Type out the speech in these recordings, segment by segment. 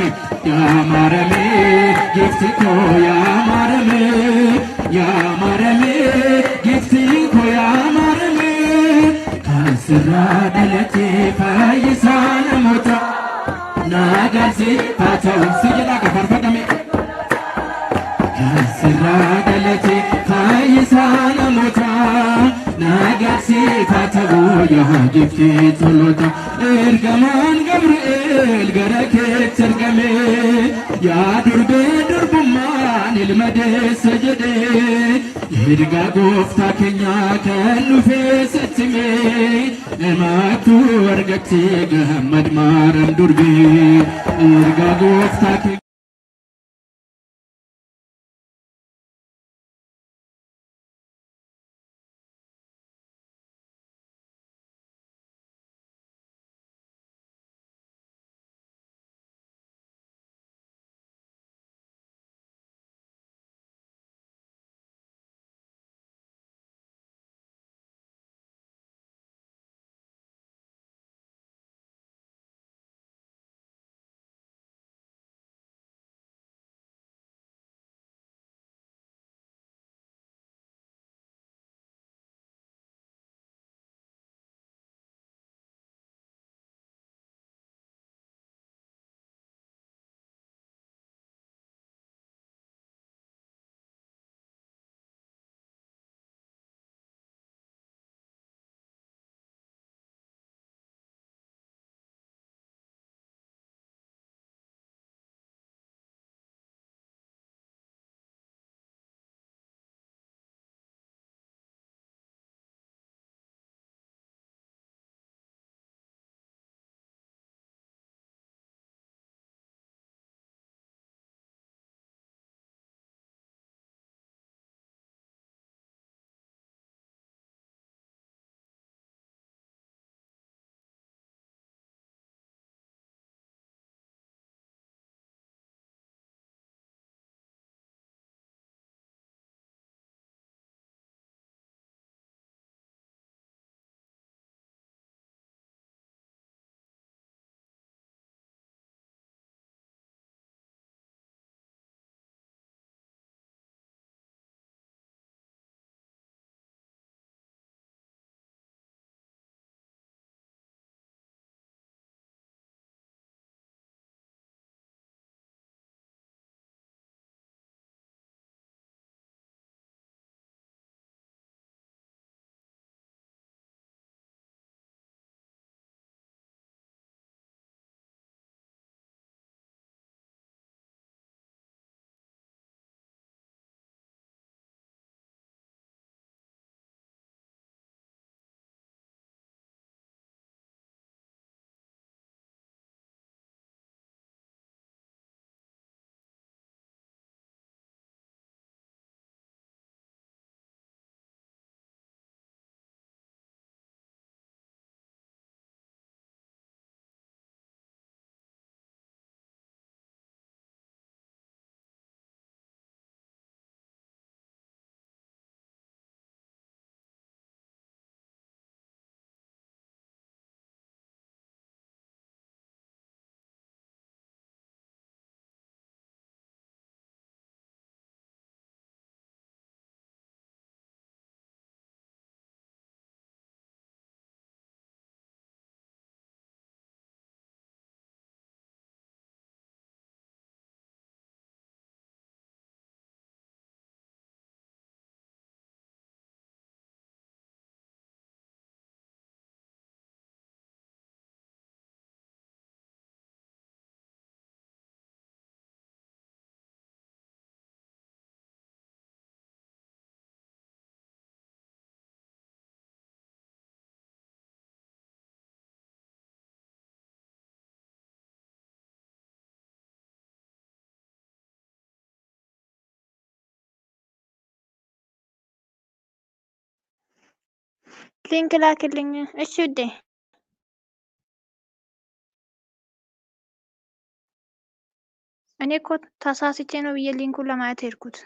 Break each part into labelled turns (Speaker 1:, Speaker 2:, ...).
Speaker 1: ያማረም ያማረም ጌትኮ ያማረም ያማረም ጌትኮ ያማረም ካንስራ ደለቴ ፈይሳነ ሞታ ናጋዜ ታተው ስጅ ካተቦ የሀጅፍቲ ቶሎታ እርገማን ገብርኤል ገረኬት ተርገሜ ያዱርቤ ዱርቡማን ልመደ ሰጀዴ የድጋ ጎፍታ ኬኛ ከኑፌ ሰትሜ እማቱ ወርገቲ ገመድ ማረም ዱርቤ እርጋ ጎፍታ
Speaker 2: ሊንክ ላክልኝ። እሺ ውዴ። እኔ እኮ ተሳስቼ ነው ብዬ ሊንኩን ለማየት ሄድኩት።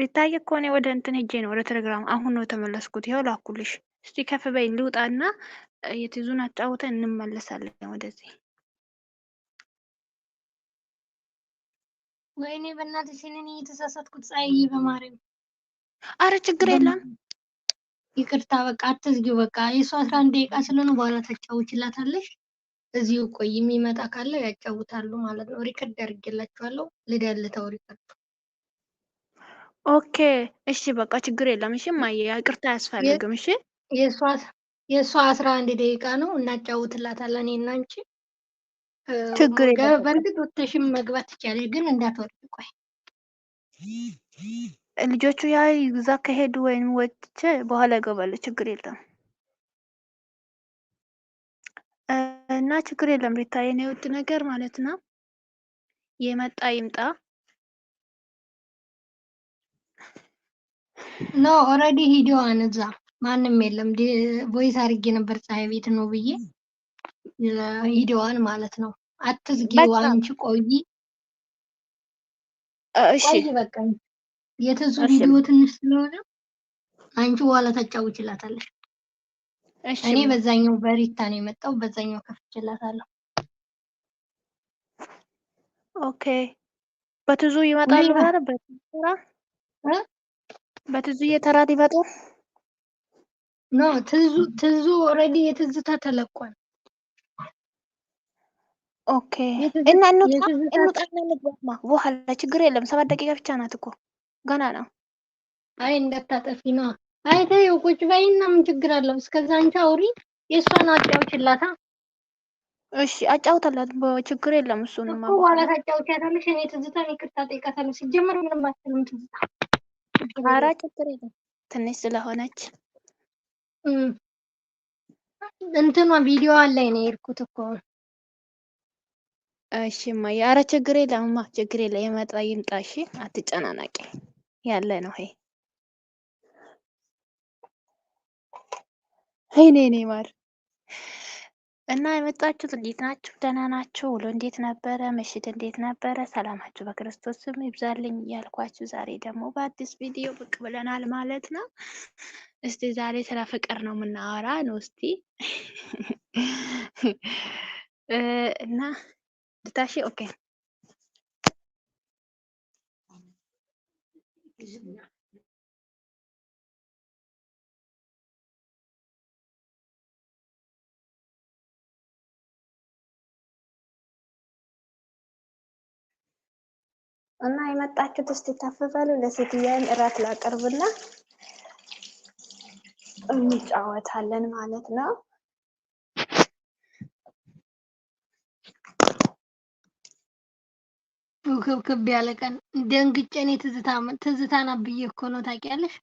Speaker 2: ሊታይ እኮ እኔ ወደ እንትን ሄጄ ነው ወደ ቴሌግራም አሁን ነው የተመለስኩት። ይኸው ላኩልሽ። እስቲ ከፍ በይ ልውጣና የትይዙን አጫውተን እንመለሳለን ወደዚህ።
Speaker 3: ወይኔ በእናትሽ እኔ የተሳሳትኩት ፀሐይዬ፣ በማርያም
Speaker 2: አረ ችግር የለም
Speaker 3: ይቅርታ። በቃ አትዝጊው። በቃ የሱ አስራ አንድ ደቂቃ ስለሆነ በኋላ ታጫውችላታለሽ። እዚሁ ቆይ፣ የሚመጣ ካለ ያጫውታሉ ማለት ነው። ሪከርድ አድርጌላችኋለሁ። ልደልተው ሪከርድ
Speaker 2: ኦኬ። እሺ በቃ ችግር የለም። እሺ ማየ፣ ይቅርታ አያስፈልግም። እሺ
Speaker 3: የእሷ አስራ አንድ ደቂቃ ነው እናጫውትላታለን። እና አንቺ ችግር በእርግጥ ወተሽም መግባት ትችያለሽ፣ ግን እንዳትወርድ። ቆይ
Speaker 2: ልጆቹ ያ ይዛ ከሄዱ ወይም ወጥቼ በኋላ ይገባሉ። ችግር የለም እና ችግር የለም ሪታ፣ የኔ ውድ ነገር ማለት ነው። የመጣ ይምጣ
Speaker 3: ኖ ኦልሬዲ ሂዲዋን እዛ ማንም የለም። ቮይስ አድርጌ ነበር ፀሐይ ቤት ነው ብዬ ሂደዋን ማለት ነው። አትዝጊ፣ አንቺ ቆይ ቆይ በቃ የትዙ ቪዲዮ ትንሽ ስለሆነ አንቺ በኋላ ታጫውችላታለሽ። እኔ በዛኛው በሪታ ነው የመጣው፣ በዛኛው ከፍችላታለሁ።
Speaker 2: ኦኬ በትዙ ይመጣል ማለት በትዙ የተራ ይመጣል
Speaker 3: ኖ ትዙ ትዙ ኦልሬዲ የትዝታ ተለቋል።
Speaker 2: ኦኬ እና እንውጣና ንግባማ በኋላ ችግር የለም። ሰባት ደቂቃ ብቻ ናት እኮ ገና ነው።
Speaker 3: አይ እንዳታጠፊ ነው። አይ ተይው ቁጭ በይና ምን ችግር አለው? እስከዛ አንቺ አውሪ፣ የእሷን አጫውችላታ።
Speaker 2: እሺ አጫውታላት፣ ችግር የለም። እሱ ነው
Speaker 3: በኋላ ታጫውቻታለሽ። እኔ ትዝታን ይቅርታ ጠይቃታለሁ። ሲጀመር ምንም አትልም ትዝታ። ኧረ ችግር የለም
Speaker 2: ትንሽ ስለሆነች እንትኗ ቪዲዮ ላይ ነው የሄድኩት እኮ። እሺ እማዬ፣ ኧረ ችግር የለም እማ፣ ችግር የለም የመጣ ይምጣ። እሺ አትጨናናቂ፣ ያለ ነው ይሄ። ኔ ኔ ማር እና የመጣችሁት እንዴት ናችሁ? ደህና ናችሁ? ውሎ እንዴት ነበረ? ምሽት እንዴት ነበረ? ሰላማችሁ በክርስቶስ ስም ይብዛልኝ እያልኳችሁ ዛሬ ደግሞ በአዲስ ቪዲዮ ብቅ ብለናል ማለት ነው። እስቲ ዛሬ ስለ ፍቅር ነው የምናወራ ነው። እስቲ እና ልታሺ ኦኬ እና የመጣችሁት እስቲ ታፈበሉ ለሴትየን እራት ላቀርብና እንጫወታለን ማለት ነው።
Speaker 3: ውክብክብ ያለ ቀን ደንግጬ እኔ ትዝታ ናት ብዬ እኮ ነው ታውቂያለሽ።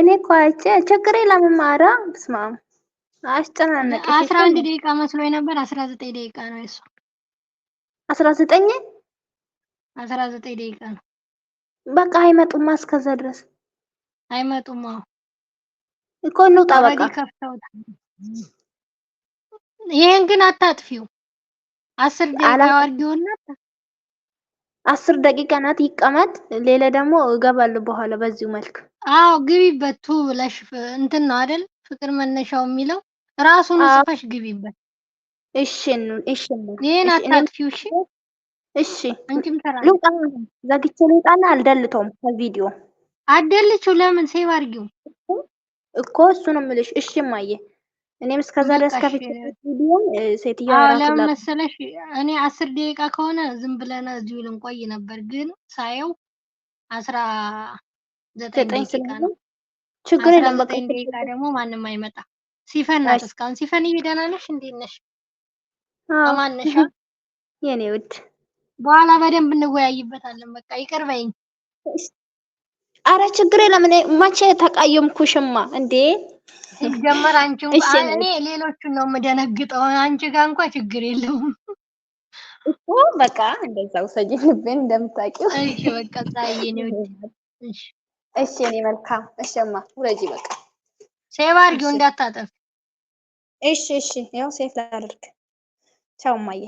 Speaker 2: እኔ እኮ አይቼ ችግር የለም ስማ
Speaker 3: አስራ አንድ ደቂቃ መስሎ ነበር። አስራ ዘጠኝ ደቂቃ ነው የእሷ አስራ ዘጠኝ አስራ ዘጠኝ ደቂቃ ነው።
Speaker 2: በቃ አይመጡም። እስከዛ ድረስ
Speaker 3: አይመጡም። አይመጡማ
Speaker 2: እኮ እንውጣ። በቃ
Speaker 3: ይሄን ግን አታጥፊው። አስር ደቂቃ አድርጊውና
Speaker 2: አስር ደቂቃ ናት፣ ይቀመጥ። ሌላ ደግሞ እገባለሁ በኋላ በዚሁ መልክ።
Speaker 3: አዎ ግቢበት። ቱ ብለሽ እንትን ነው አይደል? ፍቅር መነሻው የሚለው ራሱን ጽፈሽ ግቢበት።
Speaker 2: እሺ፣ ይሄን አታጥፊው። እሺ እሺ፣
Speaker 3: ይሄን አታጥፊው። እሺ እሺ አንቺም ተራ
Speaker 2: ልውጣ። ዘግቼ ልውጣና አልደልተውም ከቪዲዮ
Speaker 3: አደልችው። ለምን ሴቭ አድርጊው
Speaker 2: እኮ ነው እምልሽ። እሺ ማየ እኔም እስከዛ ድረስ ከፊት
Speaker 3: መሰለሽ፣ እኔ አስር ደቂቃ ከሆነ ዝም ብለን እዚሁ ልንቆይ ነበር፣ ግን ሳየው አስራ ዘጠኝ ደቂቃ ነው። ችግር የለም። በቃ ደቂቃ ደግሞ ማንም አይመጣ። ሲፈን ናት እስካሁን። ሲፈን ደህና ነሽ? እንዴት ነሽ? የኔ ውድ? በኋላ በደንብ እንወያይበታለን። በቃ ይቅር በይኝ።
Speaker 2: አረ ችግር ለምን እኔ መቼ ተቃየምኩሽማ እንዴ?
Speaker 3: ሲጀመር አንቺ እኔ ሌሎቹን ነው የምደነግጠው። አንቺ ጋር እንኳን ችግር የለውም
Speaker 2: እኮ በቃ እንደዛው ሰጂ ልብን እንደምታውቂው።
Speaker 3: እሺ በቃ ዛዬ ነው።
Speaker 2: እሺ እሺ፣ እኔ መልካም። እሺማ ውረጂ በቃ።
Speaker 3: ሴቭ አድርጊው እንዳታጠፍ።
Speaker 2: እሺ እሺ፣ ያው ሴቭ ላድርግ። ቻው ማየ